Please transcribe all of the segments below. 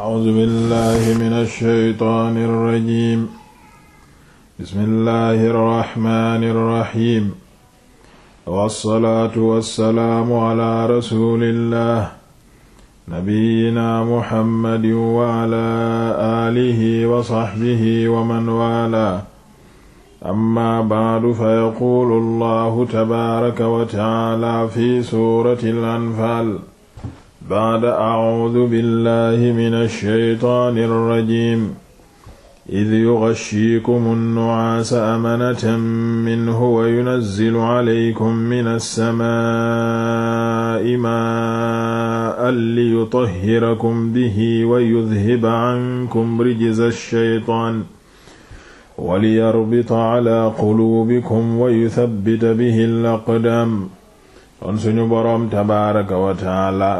a'uuzu billahi mina shaytaani rajiim bismillahi rahmaani rahiim wassalaatu wassalaamu ala rasuulillah nabiyyina muhammadin wa ala aalihi wa sahbihi wa man waalaa amma ba'du fa yaquulu allahu tabaaraka wa ta'aala fi suurati al-anfaal baada acuudu billahi min alsheytaani alrajim id yugashiikumu nnucaasa amanatan minhu wa yunazzilu calaykum min alsamaa'i maa'an liyutahhirakum bihi wa yudhiba cankum rijza alsheytaan waliyarbita calaa quluubikum wa yuthabbita bihi alaqdaam kon suñu boroom tabaaraka wa tacaala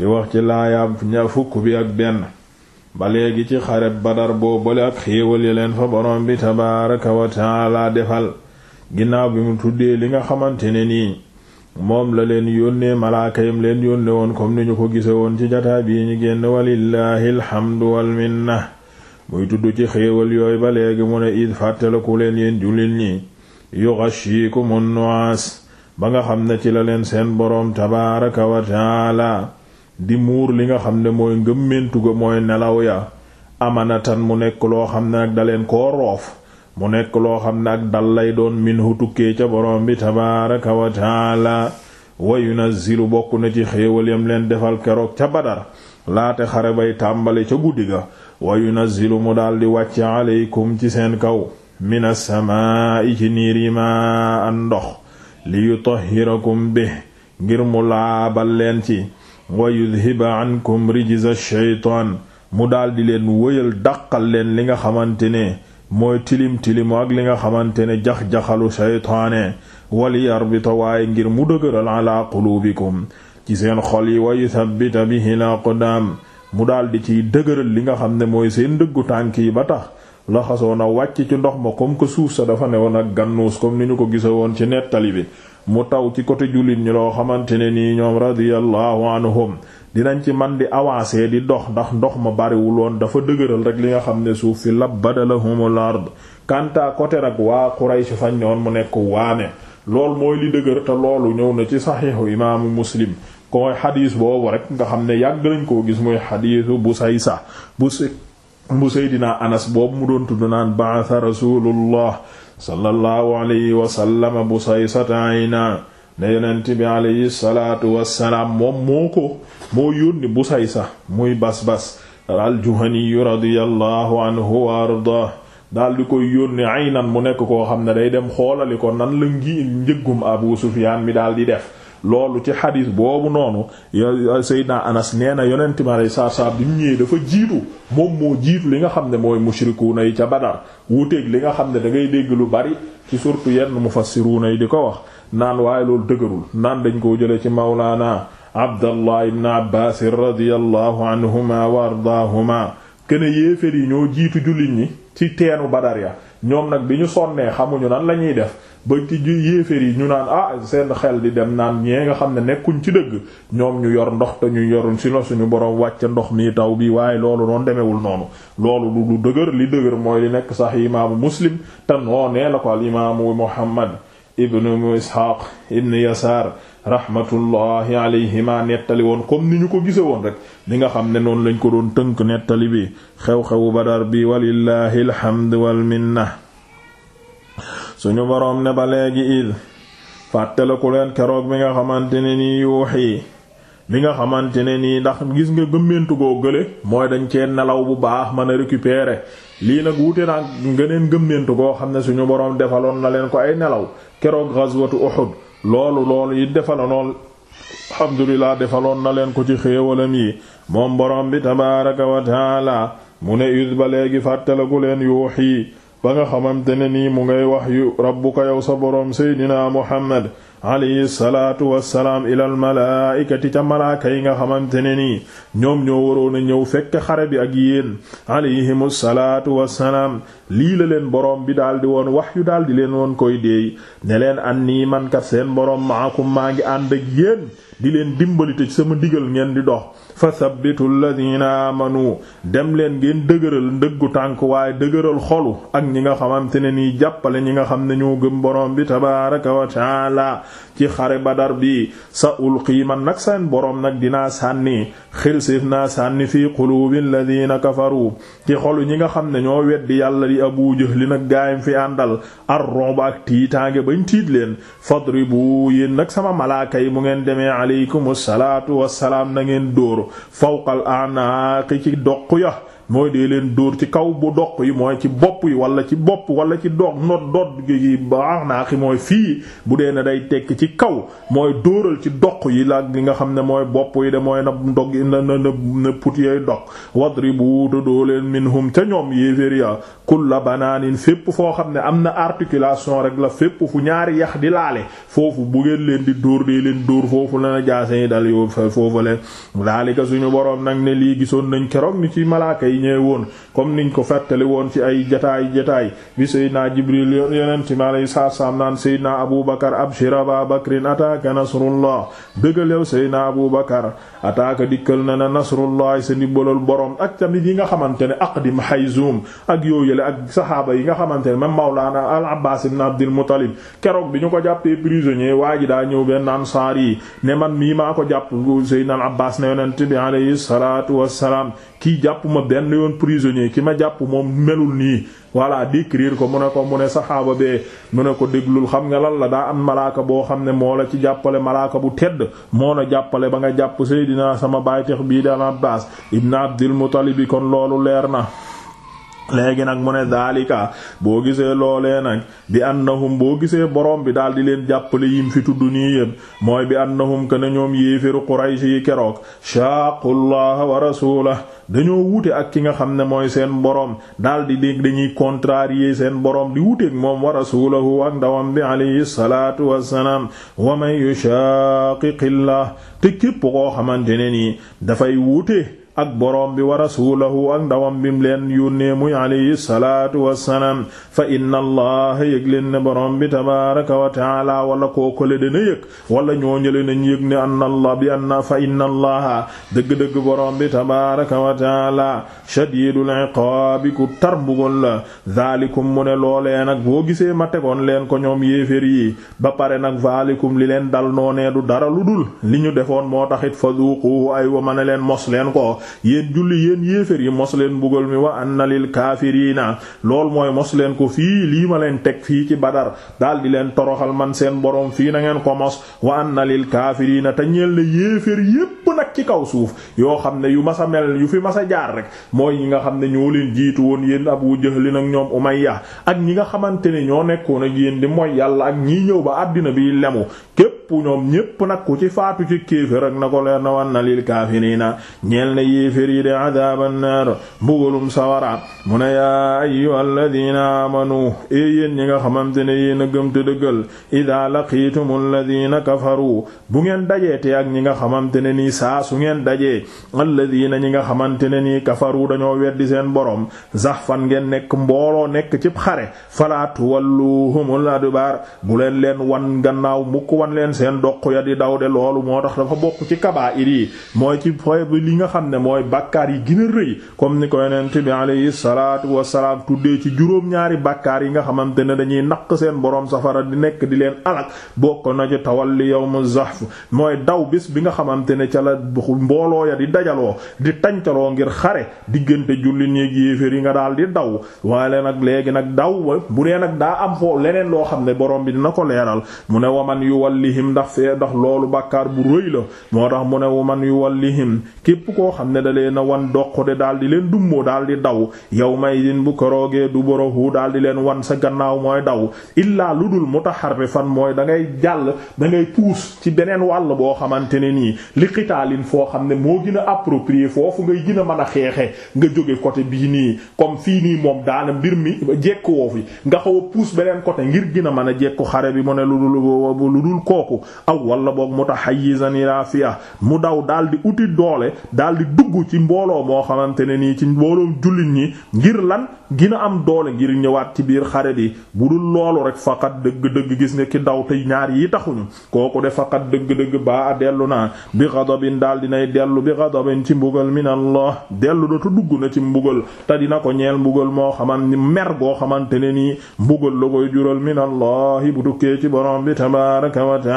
di wax ci laayaab ña fukk bi ak benn ba léegi ci xareb badar boobale ak xéewal yi leen fa borom bi tabaaraka wa taala defal ginnaaw bi mu tuddee li nga xamante ne nii moom la leen yónnee malaaka yam leen yónne woon comme ni ñu ko gise woon ci jataay bii ñu génn walillahi alhamdu walminna muy tudd ci xéewal yooyu ba léegi mu ne id fàttalaku leen yéen jullit ñi yughashshikumun nu'as ba nga xam ne ci la leen seen boroom tabaaraka di muur li nga xam ne mooy ngëmmentu ga mooy nelaw ya amanatan mu nekk loo xam ne nag daleen koo roof mu nekk loo xam ne ak dal lay doon minhu tukkee ca boroom bi tabaaraka wa taala wa yunazzilu bokk na ci xéewal yam leen defal keroog ca badar laate xare bay tàmbali ca guddi ga wa yunazzilu mu daldi wàcce aleykum ci seen kaw mina samaa'i ci niir yi ma an ndox li yutahhirakum bi ngir mu laabal leen ci wa yudhiba ankum rijza shaytaan mu daldi leen wëyal dàqal leen li nga xamante ne mooy tilim tilimu ak li nga xamante ne jax-jaxalu shaytaane wali yarbita waaye ngir mu dëgëral ala quluubikum ci seen xol yi wa yuthabbita bihi laqdaam mu daldi ciy dëgëral li nga xam ne mooy seen dëggu tànk yi ba tax laxasoon na wàcc ci ndox ma comme que suuf sa dafa ne woon ak gannuus comme ni ñu ko gisa woon ci nettali bi mu taw ci côté jullit ñi loo xamante ne nii ñoom radiyallahu anhum dinañ ci man di avancer di dox ndax ndox ma bariwul woon dafa dëgëral rek li nga xam ne suuf fi labbada lahumul ard kanta côté nag waa Quraysh fañ ñoon mu nekk waame lool mooy li dëgër te loolu ñëw na ci saxiixu imaamu muslim ko xadiis boobu rek nga xam ne yàgg nañ koo gis muy xadiisu Busaysa bu bu seydina anas boobu mu doon tudd ba'atha rasulullah sallallahu alayhi wasallama bu saysata ayna ne yonent bi alayhi salaatu wassalaam moom ko moo yónni bu muy bas-bas aljuhaniyu radiyallahu anhu wa ardah daal di koy yónni aynan mu nekk koo xam ne day dem xoolali ko nan la ngi njëggum abu sufyaan mi daal di def loolu ci xadis boobu noonu Seydina Anas nee na yonente mi alei saatu bi mu ñëwee dafa jiitu moom moo jiitu li nga xam ne mooy mushrikuuna yi ca Badar wuuteeg li nga xam ne dangay dégg lu bari ci surtout yenn mufassiruuna yi di ko wax naan waaye loolu dëgërul naan dañ koo jëlee ci Mawlaana Abdallah ibn Abbaas radiyallahu anhuma wa ardaahuma kene yéefér yi ñoo jiitu jullit ñi ci teenu badar ya ñoom nag bi ñu sonnee xamuñu nan la ñuy def ba ci yéefér yi ñu naan ah seen xel di dem naan ñee nga xam ne nekkuñ ci dëgg ñoom ñu yor ndox te ñu yoruñ si no suñu boroom wàcc ndox mi taw bi waaye loolu noon demewul noonu loolu du lu dëgër li dëgër mooy li nekk sax imaamu muslim te noo nee la ko al imaamu muhammad ibnu isxaaq ibnu yasaar rahmatullahi alayhima nettali woon comme ni ñu ko gise woon rek li nga xam ne noonu lañ ko doon tënk nettali bi xew-xewu badar bi walillahi alhamd wal minna suñu boroom ne ba léegi id fàttaliku leen keroog bi nga xamante ne nii yuuxi bi nga xamante ne nii ndax gis nga gëmmentu goo gële mooy dañ cee nelaw bu baax mën a récupérer lii nag wuute naa ngëneen gëmmentu goo xam ne suñu boroom defaloon na leen ko ay nelaw keroog ghazwatu Uhud loolu loolu yi defaloon alhamdulilah defaloon na leen ko ci xéewalam yi moom borom bi tabaaraka wa taala mu ne us ba léegi fàttalaku leen yuux yi ba nga xamante ne nii mu ngay wax yu rabbuka yow sa borom seydinaa muhammad alayhi salaatu wassalaam ilal malaa'ikati ca malaaka yi nga xamante ne nii ñoom ñoo waroon a ñëw fekk xare bi ak yéen alayhimu salaatu wassalaam lii la leen boroom bi daal di woon wax yu daal di leen woon koy deey ne leen an nii mankat seen boroom maakum maa ngi ànd ak yéen di leen dimbali te sama digal ngeen di dox fa sabbitu alladina amanu dem leen ngeen dëgëral ndëggu tànk waaye dëgëral xolu ak ñi nga xamante ne nii jàppale ñi nga xam ne ñoo gëm borom bi tabaraka wa taala ci xare badar bi sa ulqii man nag seen boroom nag dinaa sànni xilsif naa sànni fii qulubi alladina kafaru ci xolu ñi nga xam ne ñoo weddi yàlla di abu jahli nag gaayam fi àndal ar-ru'b ak tiitaange bañ tiit leen fadribu yéen nag sama malaaka yi mu ngeen demee alaykum salaatu wassalaam na ngeen dóor fawqal anaaqi ci doq ya mooy dee leen dóor ci kaw bu doq yi mooy ci bopp yi wala ci bopp wala ci doog not doot gi baax naa xi mooy fii bu dee ne day tekk ci kaw mooy dóoral ci doq yi la li nga xam ne mooy bopp yi de mooy na ndog na na na put yooy dog wadribu te doo leen minhum ca ñoom yéeféer ya kulla banaanin fépp foo xam ne am na articulation rek la fépp fu ñaari yax di laale foofu bu ngeen leen di dóor dee leen dóor foofu la na jaase yi dal yoo foofale daalika suñu boroom nag ne lii gisoon nañ keroog ni ci malaaka yi ñee woon niñ ko fàttali woon ci ay jataay jataay bi Seydina Jibril yonente mi alayhi salaam naan Seydina Abu Bakar abshir Aba Bakrin ataaka nasrullah dëggal yow Seydina Abu Bakar ataaka dikkal na na nasrullah sa ndimbalal borom ak tamit yi nga xamante ne aqdim Hayzum ak yooyale ak saxaaba yi nga xamante ne même Mawlana al Abbas ibn Abdul Muttalib keroog bi ñu ko jàppee prisonnier waa ji daa ñëw benn ansaar yi ne man mii maa ko jàpp Seydina Abbas ne yonente bi alayhi salaatu kii jàpp ma benn yoon prisonnier ki ma jàpp moom melul nii voilà décrire ko mu ne ko mu ne saxaaba bee mu ne ko déglul xam nga lan la daa am malaaka boo xam ne moo la ci jàppale malaaka bu tedd moo la jàppale ba nga jàpp Seydina sama baay baytex bii daan Abbaas ibn Abdil bi kon loolu leer na léegi nag mu ne daalika boo gisee loolee nag bi annahum boo gisee borom bi daal di leen jàppale yim fi tudd nii yépp mooy bi annahum kana ñoom yéeféru Quraysh yi keroog shaaqullaha wa rasuulahu dañoo wuute ak ki nga xam ne mooy seen borom daal di dégg dañuy contrarier seen borom di wuuteeg moom wa rasuulahu ak ndawam bi alayhi salaatu wassalaam wa man yushaaqiqillah te képp koo xamante ne nii dafay wuute ak borom bi wa rasuulahu ak ndawam bim leen yónnee muy alayhi salaatu wassalaam fa inna allaha yëg leen ne borom bi tabaaraka wa taala wala kookale dana yëg wala ñoo ñële nañ yëg ne anna bi anna fa inna allaha dëgg-dëgg boroom bi tabaaraka wa taala shadiidul iqaabi ku tar mbugal la zaalikum mu ne loolee nag boo gisee ma tegoon leen ko ñoom yéefér yi ba pare nag zaalikum li leen dal noonee du dara lu dul li ñu defoon moo taxit fa duuquhu ay wa ma ne leen mos leen ko yéen julli yéen yéefér yi mos leen mbugal mi wa anna lil kaafiriina lool mooy mos leen ko fii lii ma leen teg fii ci badar daal di leen toroxal man seen boroom fii na ngeen ko mos wa anna lil kaafiriina te ñeel na yéefér yépp nag ci kaw suuf yoo xam ne yu mas a mel yu fi mas a jaar rek mooy ñi nga xam ne ñoo leen jiitu woon yéen Abu Jahl nag ñoom Umayya ak ñi nga xamante ne ñoo nekkoon ak yéen di mooy yàlla ak ñii ñëw ba àddina bi lemu képp ñépp ñoom ñépp nag ku ci faatu ci kéefër ak na ko leer na wan na lil kaafiriina ñeel na yéefér yi de adaaban naar mbugalum sawara mu ne yaa ayyuhal ladiina amanu e yéen ñi nga xamante ne yéen a gëm te dëggal idaa laqiitumul kafaru bu ngeen te ak ñi nga xamante ne nii saa su ngeen dajee alladina ñi nga xamante ne nii kafaru dañoo weddi seen borom zahfan ngeen nekk mbooloo nekk cib xare falaatu walluhumul adbar bu leen leen wan gannaaw seen doq ya di daw de loolu moo tax dafa bokk ci kabaa'ir yi mooy ci foy bi li nga xam ne mooy bàkkaar yi gën a rëy comme ni ko yonent bi alayhi salaatu wasalaam tuddee ci juróom-ñaari bàkkaar yi nga xamante ne dañuy naq seen boroom safara di nekk di leen alak bokk na ci yow yawmu zahf mooy daw bis bi nga xamante ne ca la mbooloo ya di dajaloo di tancaloo ngir xare diggante jullit ñi ak yéeféer yi nga daal di daw waaye nag léegi nag daw bu nee nag daa am foo loo xam ne borom bi dina ko leeral ndax fee ndax loolu bàkkaar bu rëy la moo tax mu ne wu man yu wallihim képp koo xam ne da leen a wan doq de daal di leen dummoo daal di daw yow may din bu koroogee du borohu daal di leen wan sa gannaaw mooy daw illaa lu dul fan mooy da ngay jàll da ngay puus ci beneen wàll boo xamante ne nii li qitaalin foo xam ne moo gën a foofu ngay gën man a xeexe nga jóge côté bii nii comme fii nii moom daana mbir mi jekk woo fi nga xaw a puus beneen côté ngir a mën a jekku boobu aw wala boog mutahayyizan ila fi'a mu daw daal di uti doole daal di dugg ci mbooloo moo xamante ne nii ci mbooloom jullit ñi ngir lan gina am doole ngir ñëwaat ci biir xare bi bu dul loolu rek faqat dëgg-dëgg gis nga ki daw te ñaar yi taxuñu kooku de faqat dëgg-dëgg baa dellu naa bi ghadabin daal nay dellu bi ghadabin ci mbugal min Allah dellu dootu dugg na ci mbugal te dina ko ñeel mbugal moo xaman ni mer goo xamante ne nii mbugal la koy jural min Allah bu tukkee ci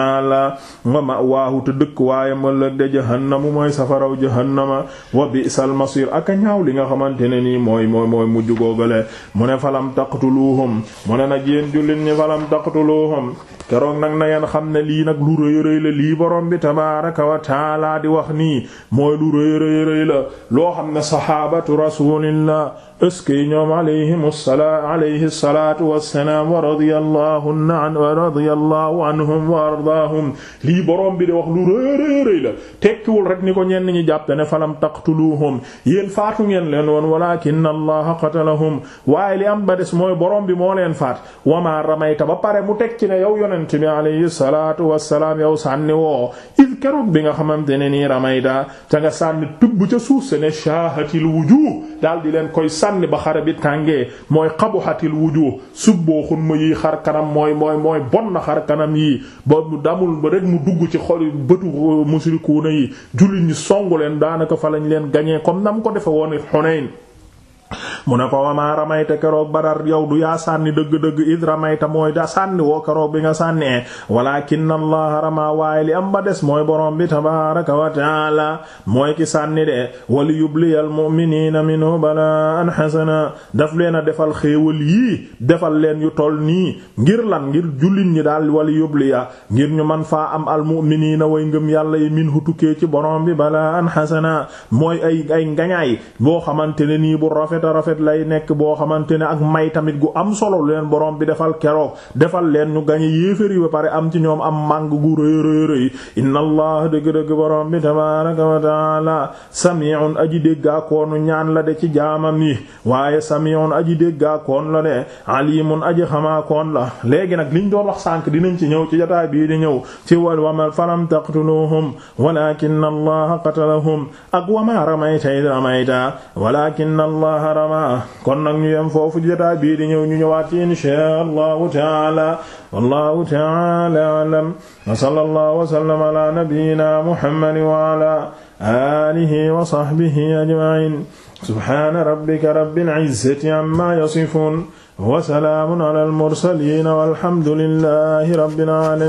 ma wa mawaahu te dëkk waaye malëg de jahannamu mooy safaraw jahannama wa bi'sal masir ak a ñaaw li nga xamante ne nii mooy mooy mooy mujj googale mu ne falam taqtuluhum mu ne nag yéen jullit ñi falam taqtuluhum keroog nag na ngeen xam ne lii nag lu rëy rëy la lii borom bi tabaraka wa taala di wax nii mooy lu rëy rëy rëy la loo xam ne sahabatu rasulillah est-ce que ñoom alayhim assalaam alayhi salaatu wassalaam wa radiyallahu an wa radiyallahu anhum wa ardaahum lii boroom bi di wax lu rëy rëy la tekkiwul rek ni ko ñenn ñi jàpp ne falam taqtuluhum yéen faatu ngeen leen woon walaakinna allaha qatalahum waaye li am ba des mooy boroom bi moo leen faat wa maa ramayta ba pare mu teg ci ne yow yonent bi alayhi salaatu wassalaam yow sànni woo id keroog bi nga xamante ne nii ramayta ta nga sànni tubb ca suuf se ne shaahatil wujuh daal di leen koy sànni ba xare bi tàngee mooy xabuxatil wuju subbooxun ma yi xar kanam mooy mooy mooy bon na xar kanam yi ba mu damul ba rek mu dugg ci xol bëtu uh, musrikuuna yi jullit ñu songu leen daanaka fa lañ leen gañee comme nam ko defee woon Hunayn mu ne ko wamaa ramayta keroog badar yow du yaa sànni dëgg-dëgg id ramayta mooy da sànni woo keroog bi nga sànnee walakinna allaha rama waaye li am ba des mooy borom bi tabaraka wa taala mooy ki sànni de wali yubliyal mu'minina minhu balaan hasana daf leen a defal xéewal yii defal leen yu toll nii ngir lan ngir jullit ñi daal wali yubliya ngir ñu man faa am al mu'minina way ngëm yàlla yi minhu tukkee ci borom bi balaan xasana mooy ay ay ngañaay boo xamante ne nii rafet lay nekk boo xamante ne ak may tamit gu am solo leen boroom bi defal keroog defal leen ñu gañe yéeféri ba pare am ci ñoom am màng gu rëy rëy rëy inna allah dëgg-dëgg borom bi tabaraka wa taala sami'un aji déggaakoonu ñaan la de ci jaamam yi waaye sami'un aji déggaakoon la de alimun aji xamaakoon la léegi nag liñ doon wax sànk dinañ ci ñëw ci jotaay bii di ñëw ci wal wamal falam taqtuluhum walakin allaha qatalahum ak wama ramayta id ramayta walakin allaha rama ah kon nag ñu yem foofu jotaay bii di ñëw ñu ñëwaat ci inshaa allahu taala wallahu taala alam wa sallallahu wa sallama ala nabiyyina muhammadin wa ala alihi wa sahbihi ajma'in subhana rabbika rabbil izzati amma yasifun wa salaamun ala al mursalin walhamdulillahi rabbil alamin